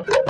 Okay.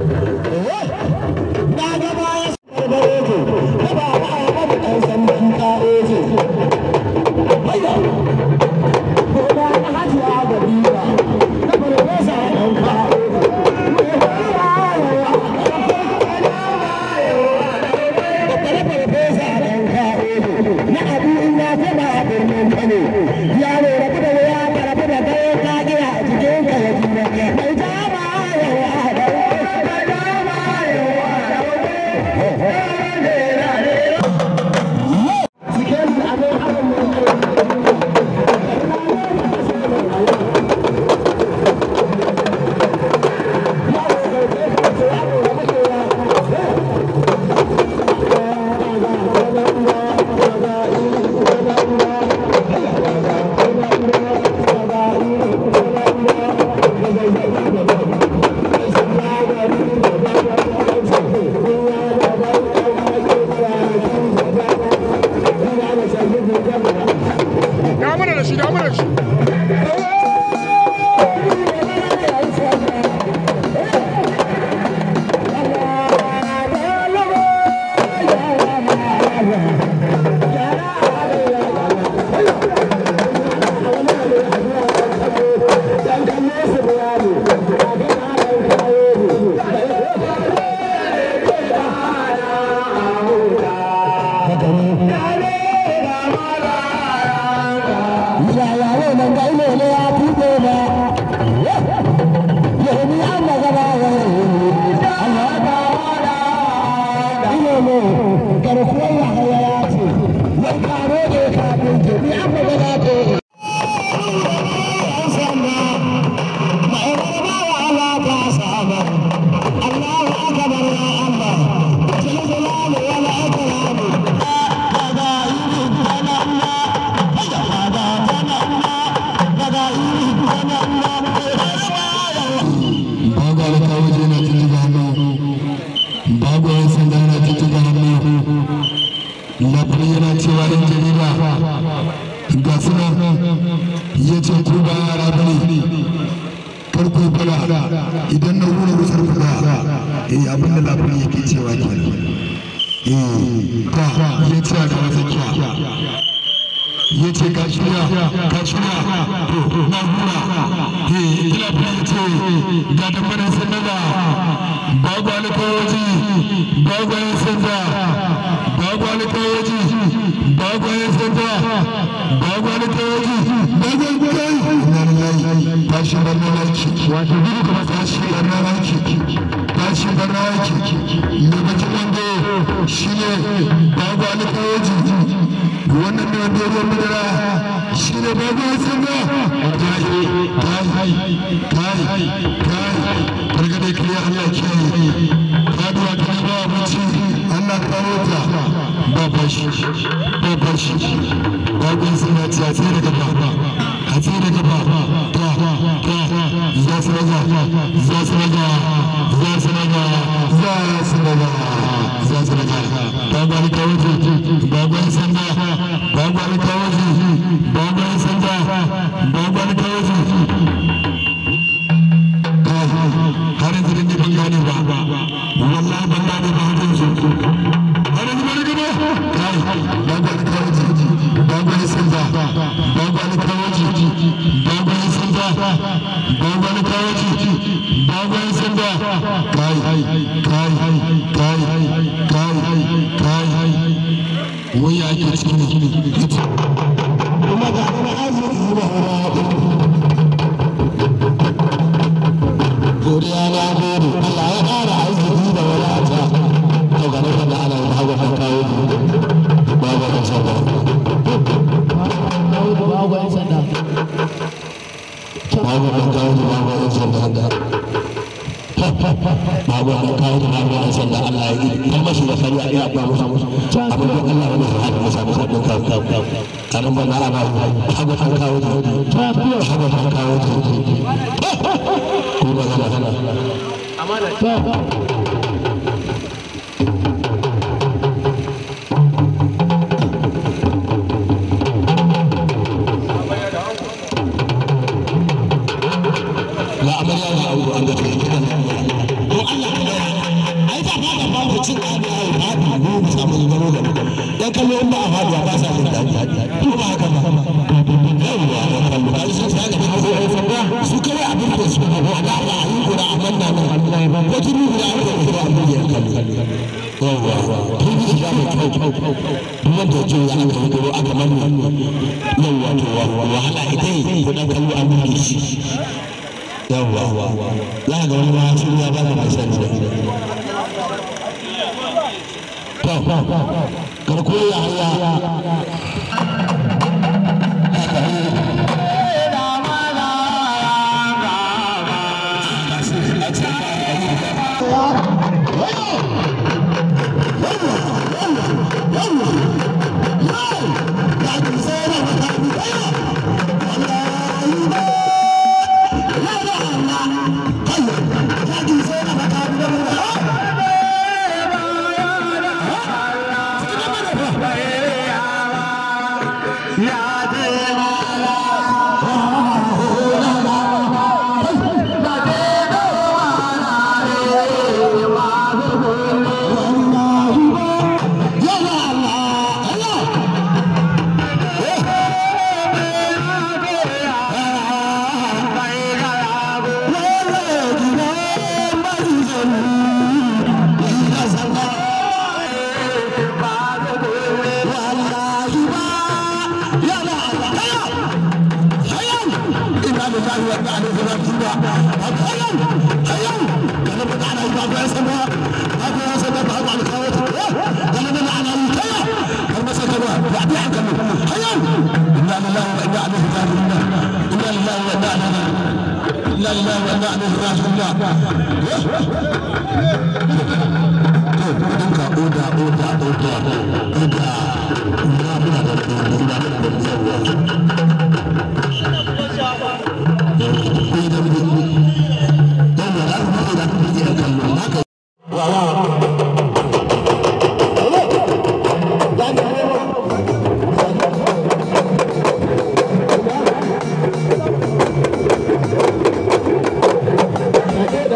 lafi yana cewa yan jarida ga suna ya ce ku ba yara ba ne karku fara idan na wuri wutar ku ba eh abin da lafi yake cewa ke. eh ta ya ce da wata kya ya ce ka shirya ka shirya na hura eh ina fara ce ga da fara sanada ba gwalikon waje ba gwalikon sanda wani tawaji babu wani sanda babu wani tawaji babu wani tashi da mamaki tashi tashi tawaji tahi tahi tahi tahi ba bashi ba bashi a tsaye gaba a tsaye da gaba ta ta za su raga za su raga za su raga za su raga za su raga ba kawai ba sanda kawai ya ba musa musa abin da Allah ya musa haka musa musa don kawo kawo kawo kanin ba mara ba kawo ta kawo ta ko ba amana 要我，我，来弄一碗，吃一碗，来弄吃一 Yeah.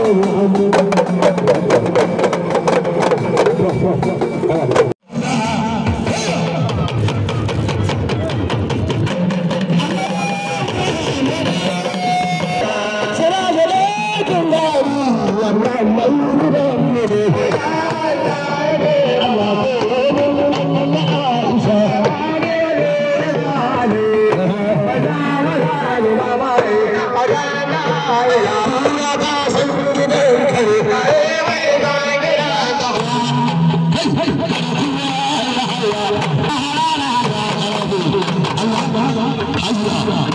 Oh, Oh.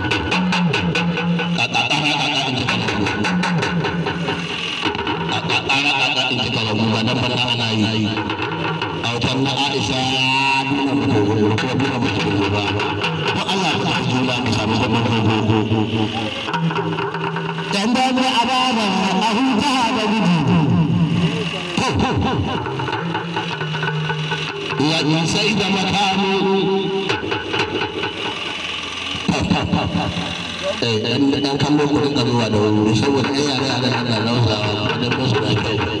na falla ana yi a wutar na aisha ya nuna mutu, gogo ko nuna mu gogo ba ko Allah ta ji na mu samu zaman gogo dan da mu ababa ahu ta da gudu ya sai da makamu eh dan zuwa da wuri saboda ai yare ana ana da kyau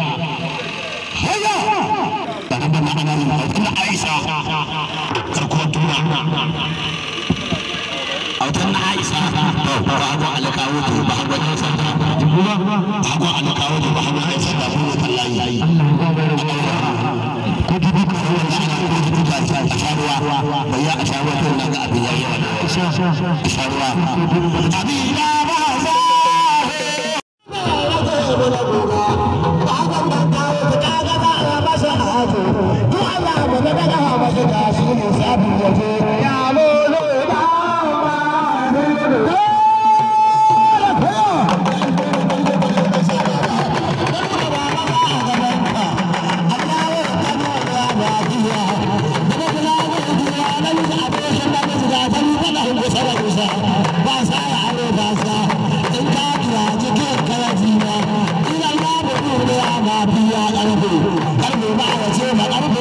aisha karkuwar duna autan na aisha ba hagu alakawo da ba hagu ya sanda ba hagu alakawo da ba hagu ya sanda ko ko ko a a to na ga abin yayi wa abin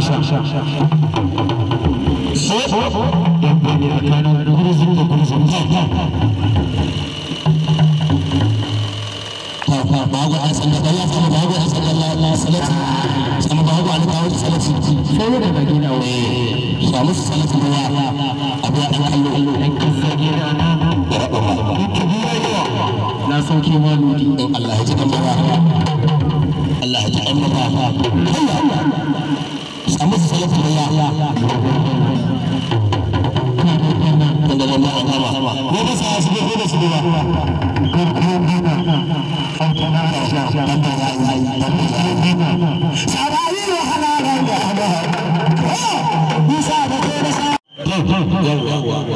Shut, shut, shut. kowa da bage da wani samu su sanar ya kallo ɗan kasa gida da ma na sauke ma lodi in Allah ya ji ɗan baba Allah ya ji samu su sanar ya da a ba sa su su yawwa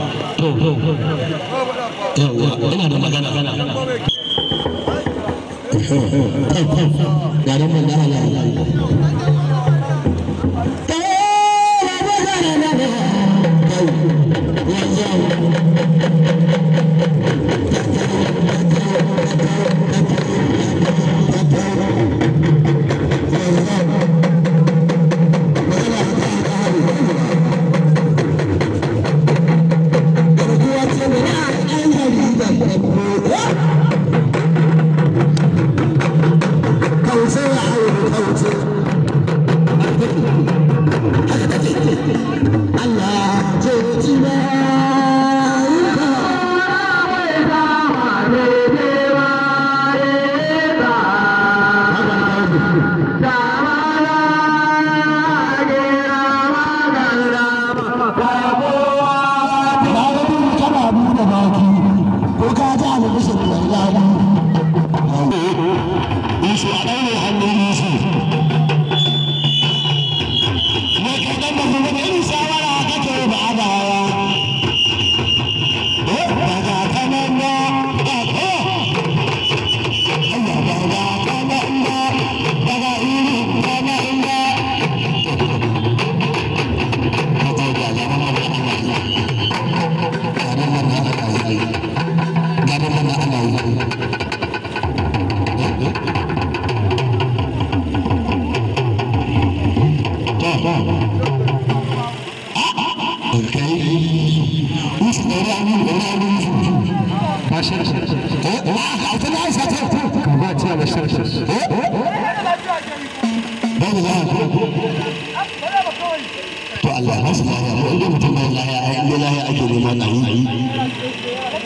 yawwa da magana garin mun da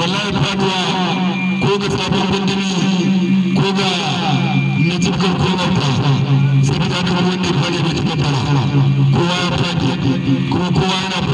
wallahi faduwa ko ga sabon gundumi ko ga najib kan komar ta saboda wanda ya fara da cikin fara kowa ya fadi kuma kowa yana